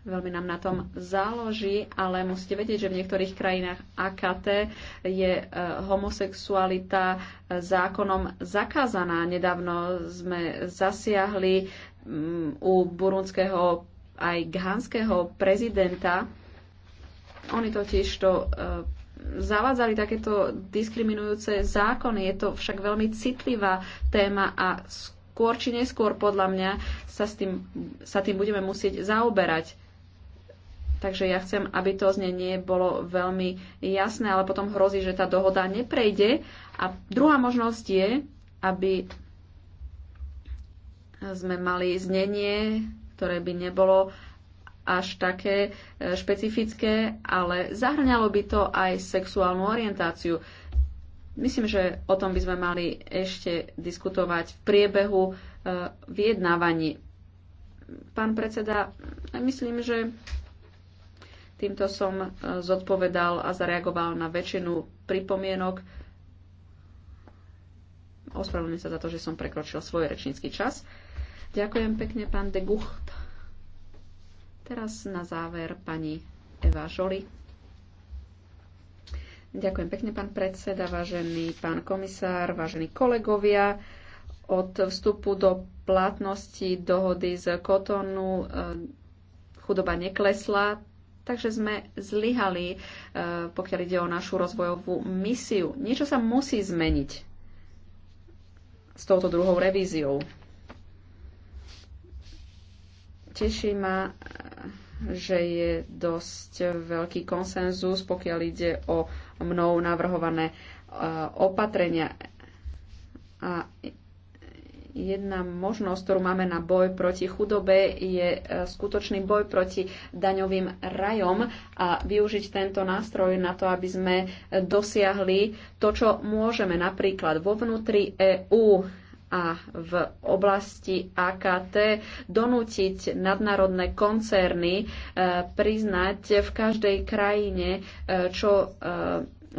S2: Veľmi nám na tom záloží, ale musíte vedieť, že v niektorých krajinách AKT je e, homosexualita e, zákonom zakázaná. Nedávno sme zasiahli mm, u burundského aj ghanského prezidenta. Oni totiž to e, zavádzali takéto diskriminujúce zákony. Je to však veľmi citlivá téma a skôr či neskôr podľa mňa sa, s tým, sa tým budeme musieť zaoberať. Takže ja chcem, aby to znenie bolo veľmi jasné, ale potom hrozí, že tá dohoda neprejde. A druhá možnosť je, aby sme mali znenie, ktoré by nebolo až také e, špecifické, ale zahrňalo by to aj sexuálnu orientáciu. Myslím, že o tom by sme mali ešte diskutovať v priebehu e, vyjednávaní. Pán predseda, myslím, že týmto som e, zodpovedal a zareagoval na väčšinu pripomienok. Ospravedlňujem sa za to, že som prekročil svoj rečnícky čas. Ďakujem pekne, pán de Gucht. Teraz na záver pani Eva Žoli. Ďakujem pekne, pán predseda, vážený pán komisár, vážení kolegovia. Od vstupu do platnosti dohody z Kotonu eh, chudoba neklesla, takže sme zlyhali, eh, pokiaľ ide o našu rozvojovú misiu. Niečo sa musí zmeniť s touto druhou revíziou. Teší ma, eh, že je dosť veľký konsenzus, pokiaľ ide o mnou navrhované e, opatrenia. A jedna možnosť, ktorú máme na boj proti chudobe, je e, skutočný boj proti daňovým rajom a využiť tento nástroj na to, aby sme dosiahli to, čo môžeme napríklad vo vnútri EÚ a v oblasti AKT donútiť nadnárodné koncerny e, priznať v každej krajine, e, čo e,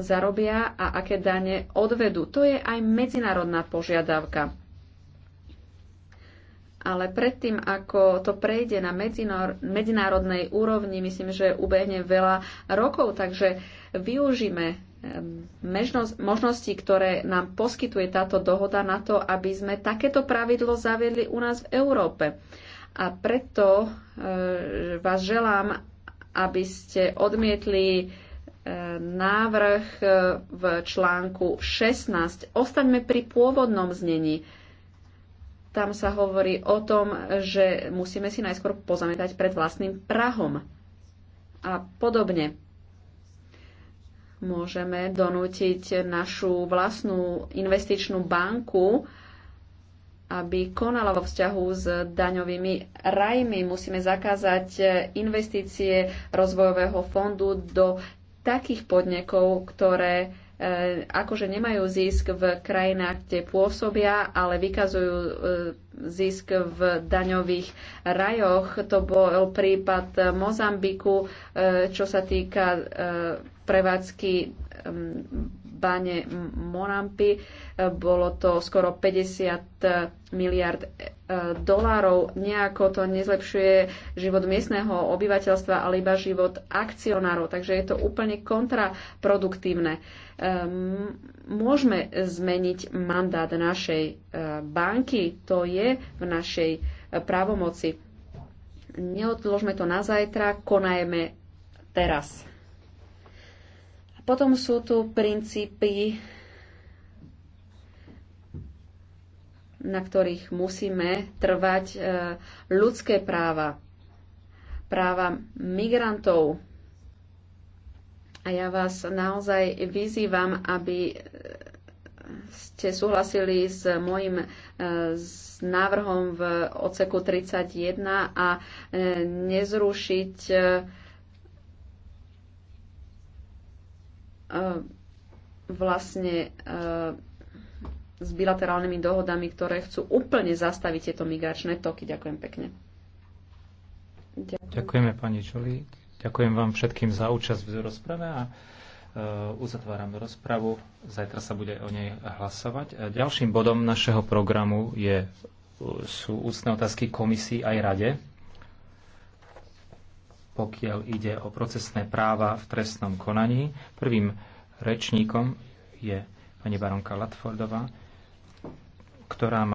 S2: zarobia a aké dane odvedú. To je aj medzinárodná požiadavka. Ale predtým, ako to prejde na medzinárodnej úrovni, myslím, že ubehne veľa rokov, takže využíme Ehm, možnosti, ktoré nám poskytuje táto dohoda na to, aby sme takéto pravidlo zaviedli u nás v Európe. A preto ehm, vás želám, aby ste odmietli ehm, návrh e, v článku 16. Ostaňme pri pôvodnom znení. Tam sa hovorí o tom, že musíme si najskôr pozametať pred vlastným prahom a podobne môžeme donútiť našu vlastnú investičnú banku, aby konala vo vzťahu s daňovými rajmi. Musíme zakázať investície rozvojového fondu do takých podnikov, ktoré e, akože nemajú zisk v krajinách, kde pôsobia, ale vykazujú e, zisk v daňových rajoch. To bol prípad Mozambiku, e, čo sa týka prevádzky bane Monampy. Bolo to skoro 50 miliard e, dolárov. Nejako to nezlepšuje život miestneho obyvateľstva, ale iba život akcionárov. Takže je to úplne kontraproduktívne. Môžeme zmeniť mandát našej e, banky. To je v našej e, právomoci. Neodložme to na zajtra, konajme teraz. Potom sú tu princípy, na ktorých musíme trvať e, ľudské práva, práva migrantov. A ja vás naozaj vyzývam, aby e, ste súhlasili s môjim e, s návrhom v oceku 31 a nezrušiť E, vlastne e, s bilaterálnymi dohodami, ktoré chcú úplne zastaviť tieto migračné toky. Ďakujem pekne. Ďakujem.
S1: Ďakujeme pani Čoli. Ďakujem vám všetkým za účasť v rozprave a e, uzatváram rozpravu. Zajtra sa bude o nej hlasovať. A ďalším bodom našeho programu je, sú ústne otázky komisii aj rade pokiaľ ide o procesné práva v trestnom konaní. Prvým rečníkom je pani baronka Latfordová, ktorá má